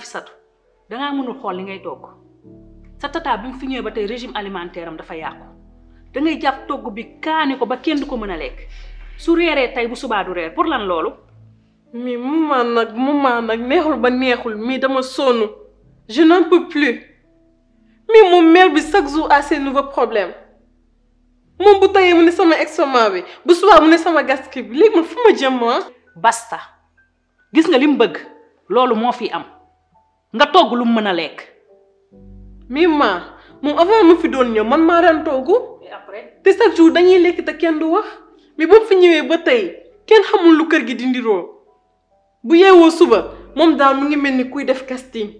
Nafisatu dangaa mënul xool li ngay togg sa tata bi mu fi ñëwee ba tey régime alimentaire am dafa yàqu dangay jàpp togg bi kaani ko ba kenn du ko mën a lekk su reeree tey bu subaa du reer pour lan loolu. mais maman nag maman nag neexul ba neexul mais dama sonn je n'en peux plus bi chaque jour à ses nouveaux problèmes moom bu tayee mu ne sama estomac bi bu subaa mu ne sama gastrique bi léegi man fu ma jëm ah? basta gis nga li mu bëgg loolu moo fi am. nga togg lu mu mën a lekk. mais ma moom avant mu fi doon ñëw man maa daan togg. après te chaque jour dañuy lekk te kenn du wax mais ba mu fi ñëwee ba tey kenn xamul lu kër gi di ndiroo bu yewoo suba moom daal mu ngi mel ni kuy def casting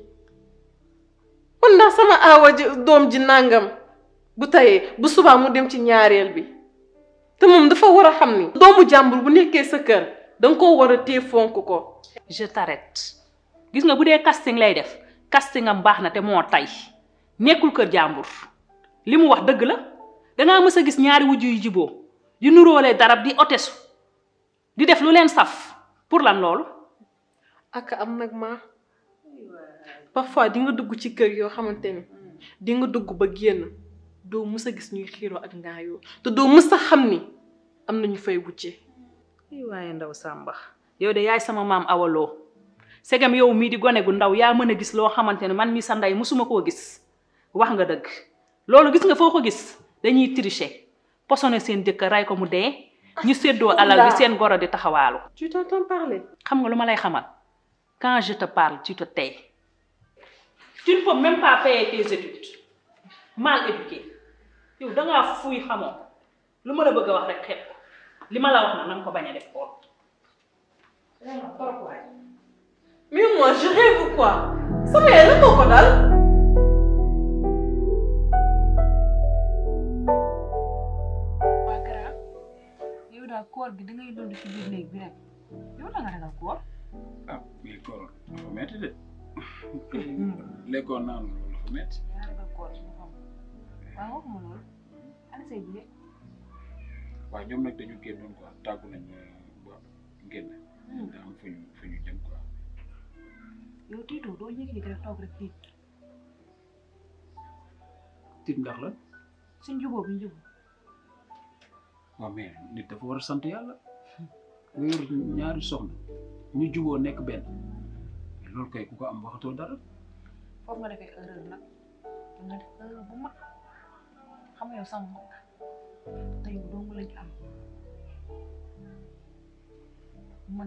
man ndax sama aawa doom ji nàngam bu tayee bu subaa mu dem ci ñaareel bi te moom dafa war a xam ni. doomu jàmbur bu nekkee sa kër danga ko war a téye fonk ko. je t'arrête. gis nga bu casting lay def casting am baax na te moo tay nekkul kër jàmbur li mu wax dëgg la mës a gis ñaari wujju yu jiboo di nuróolee darab di otesu di def lu leen saf pour lan loolu ak am nag ma parfois di nga dugg ci kër yoo xamante ni di nga dugg ba génn doo mës gis ñuy xiiroo ak ngaayoo te doo mës a xam ni am nañu fay waaye ndaw yow de yaay sama maam awaloo segam yow mii di gone gu ndaw yaa mën a gis loo xamante ne man mii sa ndey mosuma koo gis wax nga dëgg loolu gis nga foo ko gis dañuy tricher posone seen jëkkër ray ko mu dee ñu séddoo alal bi seen goro di taxawaalu tu t'entends parler xam nga lu ma lay xamal quand je te parle tu te tais tu ne peux mal éduqué yow dangaa fuy xamoo lu ma la bëgg a wax rek li ma la wax na nanga ko bañ a def xool Mais moi, je rêve ou quoi Ça mais elle est pas eu koor gi da não dund ci biir néeg bi rek eu la nga ragal koor ah mais koor dafa metti de mm-hmm. lekkoon naa loolu dafa metti yaa ragal koor ci Eu não waxuma loolu ana say bi waaw ñoom nag dañu génnoon quoi tàggu nañ ba génn mm. daa am fu ñu fu ñu jëm quoi Yaudah dua-duanya kira-kira fotografi. Tindak la. sëñ jubóo bi njubóo. waaw mais nit dafa war a sant yàlla. nga yor ñaari soxna ñu jubóo nekk benn loolu kay ku ko am waxatoo dara. foofu nga defee erreur nag nga def erreur bu sama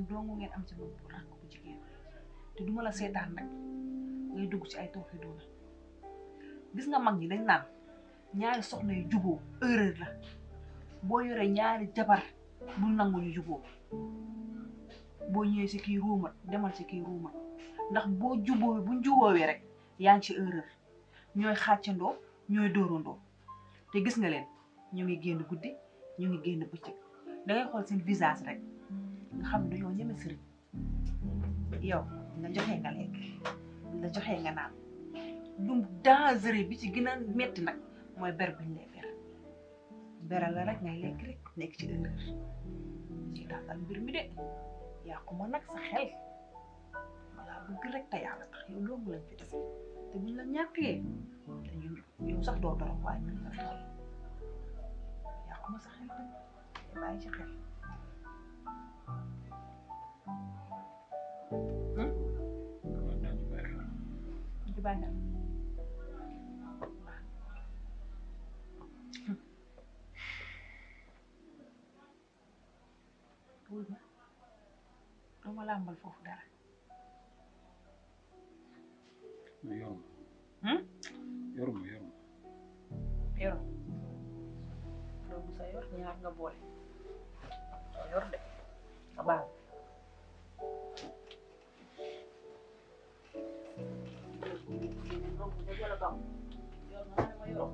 dong lañ am am ci te duma la seetaan nag ngay dugg ci ay tooxi doona gis nga mag ñi dañ naan ñaari soxna yu juboo erreur la boo yoree ñaari jabar bul nangu ñu juboo boo ñëwee si kii ruumat demal ci ki ruumat ndax boo juboo buñ juboowee rek yaa ngi ci erreur ñooy xàccandoo ñooy dóorandoo te gis nga leen ñu ngi génn guddi ñu ngi génn bëccëg da ngay xool seen visage rek nga xam ne dañoo ñeme sëriñ yow la joxe nga lekk la joxe nga naan lu dangereux bi ci gën metti nag mooy ber buñ lay beral la rek ngay lekk rek nekk ci dëndër ci tàngal mbir mi de yàqu ma nag sa xel wala bëgg rek te yàlla tax yow loolu lañ fi dese te buñ la ñàkkee dañu yow sax doo doro waaye ñu la yàqu sa xel banyak wul ma duma làmbal foofu dara yomb taw yor na ma ne ma yoroo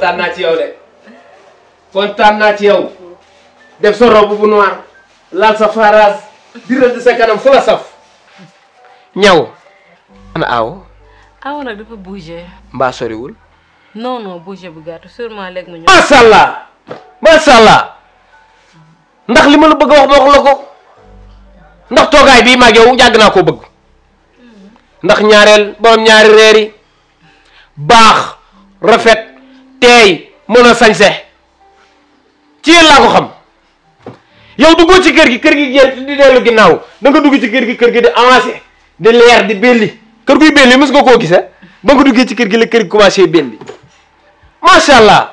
dañ ci yow de kontaan naa ci bu noir laal sa faaraas di rëdd sa kanam saf. ñaw ana aaw. xaw nag bouger mba sori wul non non bouger bu gatt sûrement lek ma ñu macha allah ndax li ma la bëgg wax ma lako ndax toogaay bi ma yow jagg na ko bëgg ndax ñaarel borom ñaari reer bax rafet tay mëna sañsé ci la ko xam yow duggu ci kër gi kër gi di delu ginnaw da nga duggu ci kër gi kër gi di avancer di leer di belli kër guy belli mës nga koo gis ba nga duggee ci kër gi la kër gi commencé belli macha allah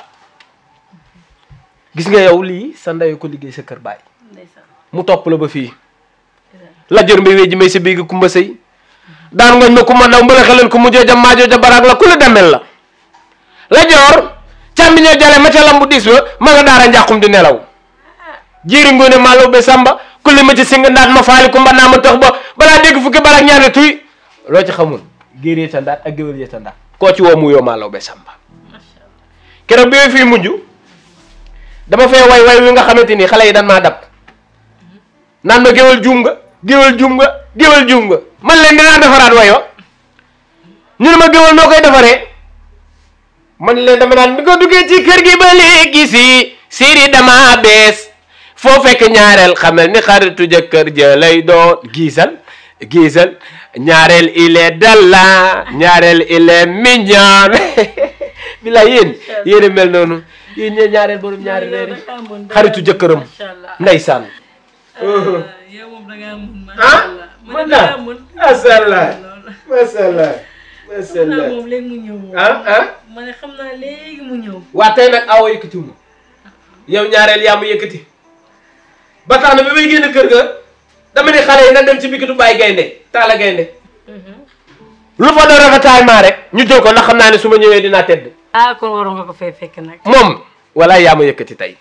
gis nga yow lii sa ndeyu ko liggéey sa kër baay mu topp la ba fii lajor mbi wee wéji may sa biigi kumba sëy daan ngañ ma kumba ndaw mbala xelal ko mu jëjëm ma la ku la demel la lajor càmbiñoo jale ma ca lambu dis wa ma nga daara njàqum di nelaw jiiri ngone maa samba kulima ci singa ndat ma faali kumba na ma tax ba bala deg fukki barak loo ci xamul géer yee tandaat ak géwél yee tandaat koo ci woo mu yoo maalaw be sàmba keroog bi fii mujj dama fee way way wi nga xamante ni xale yi dan maa dab naan ma géwél juum nga géwél juum nga géwél juum nga man leen dinaa defaraat way wa ñu ne ma géwél noo koy defaree man leen dama naan bi ko duggee ci kër gi ba léegi si siri dama bees foo fekk ñaareel xamel ni xaritu jëkkër ja lay doon giisal gisal ñaareel il est dalla ñaareel il est mignon bi la yéen yéen a mel noonu yéen ñee ñaareel borom ñaari reer yi xaritu jëkkëram ndeysaan ah, ah? mën naa macha allah macha allah macha allah moom léegi mu ñëw ah ah ma ne xam naa léegi mu ñëw waa tey nag awa yëkkatiwuma yow ñaareel yaa mu yëkkati ba tax na bi may génn kër ga dama ni xalé na dem ci bikitu bàyyi gayne tala gayne mhm. lu fa rafa tay ma rek ñu jël ko ndax xam naa ne su tedd ah kon waro nga ko fay fekk nak mom wala ya ma yëkëti tay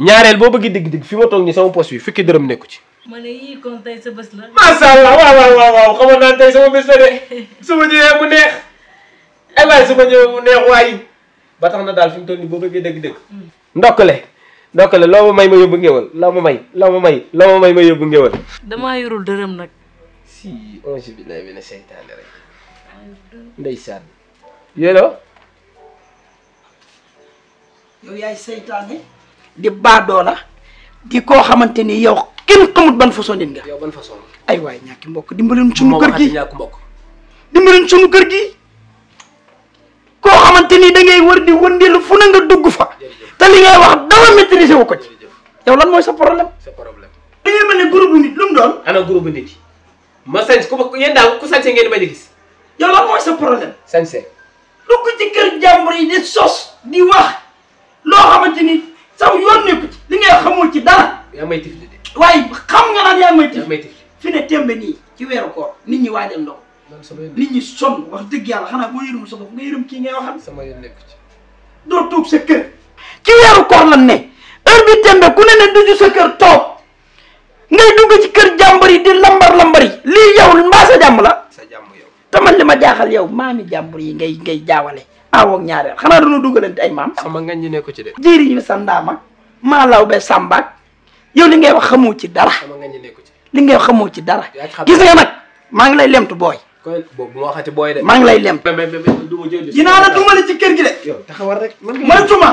ñaarël bo bëgg dig dig fi ma tok ni sama poste bi fukki dërëm nekku ci mané yi kon tay sa bëss la sha allah wa wa wa wa xamna naa tey sama bëss la de su ma ñëwee mu neex ay su suma ñëwee mu neex way ba tax na dal fi mu toll nii boo bëggee dëgg-dëgg mm donc la lawa may ma yóbbu ngéwal loo may loo may lawa may ma yóbbu ngéwal. dama yorul deureum nak si ci bi lay bina setan rek ndeysaan yelo yow yaay ni di la di ko xamanteni yow kenn xamut ban façon din nga. yow ban façon ay waay ñàkki mbokk ci sunu kër gi ñàkk ci dimbaluñ kër gi ko xamanteni da ngay wër di wëndeelu fu na nga dugg fa te li ngay wax dama maîtriser wu ko ci. yow lan moy sa problème. sa problème. dañu melni groupe nit lu mu doon. ana groupe nit ma sañ ko ma yéen daal ku sañse ngeen bañ a gis. yow lan moy sa problème. sañse. lu ko ci kër jambour yi di sos di wax lo xamanteni ni saw yoon nekku ci li ngay xamul ci dara. ya may tifli de. way xam nga naan ya may tifli. yaa may tifli fi ne tembe ni ci weeru ko nit ñi waajal ndox. nit ñi son wax deug yalla xana mo yërëm sa bopp nga yërëm kii ngay waxal. sama yonne ko ci. do toog sa kër. ci weeru koor lan ne heure bi tembe ku ne ne duju sa kër toog ngay dugg ci kër jàmbar yi di lambar lambar yi lii yow mbaa sa jàmm la te man li ma jaaxal yow maami jàmbur yi ngay ngay jaawale aw ak ñaareel xanaa dañoo dugalante ay maam. sama ngañ ñi ne ko ci de. jëriñu sa ndaama maa law be sàmbaak yow li ngay wax xamoo ci dara. sama ngañ ñi ne ko ci li ngay wax xamoo ci dara. gis nga nag maa ngi lay lemtu booy. koy boobu ma waxati booy de. maa ngi lay lem. mais mais mais du ma la dumale ci kër gi de. yow taxawal rek man. man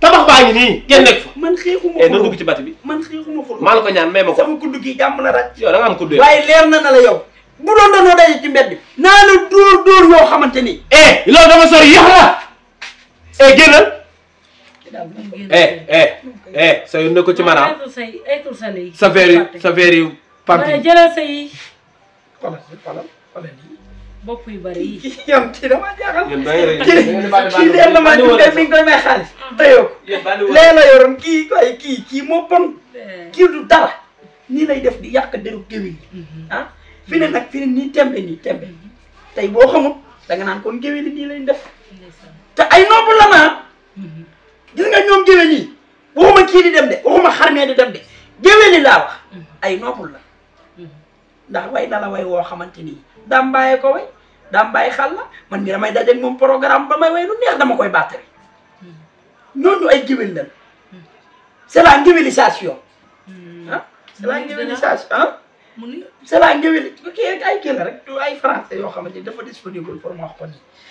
tabax baa ngi nii ngeen nekk fa. man xeexuma eh, ci bati bi. man xeexuma ko maa la ko ñaan may ma ko. sama kudd gi jàmm na ràcc. yow da nga am kudd yow leer na na la yow. bu doon danoo daje ci mbedd. naa la dóor dóor yoo xamante ni. eh loolu dama sori yéex la. eh génnal. eh eh eh sa yoon ne ko ci maanaam. sa verre yi sa verre yi. pampi bopp yi. yow kii dama jaaxal. yéen da ngay kii kii leer na ma ñu def xaalis. teyoo lee la yoroon kii kay kii kii moo bon. Eh. kii du dara nii lay def di yàq deru géwél yi. Mhm. ah fi ne nag fi ne nii tembe nii tembe tey boo xamul danga naan kon géwél yi nii lañ def. te ay nopp la naa. Mhm. gis nga ñoom géwél yi waxuma kii di dem de waxuma xarmee di dem de géwél yi laa wax mhm. ay nopp la. ndax way na la way woo xamante ni daam ko way daam xal la man mi damay dajeeg moom programme ba may way lu neex dama koy bàttali ñooñu hmm. ay géwél lañ hmm. c'est la ngéwélisation hmm. ah c'est la ngéwélisation ah mu ni c'est la ngéwéli kii ay kii la rek du ay français yoo xamante ni dafa disponible pour ma wax ko nii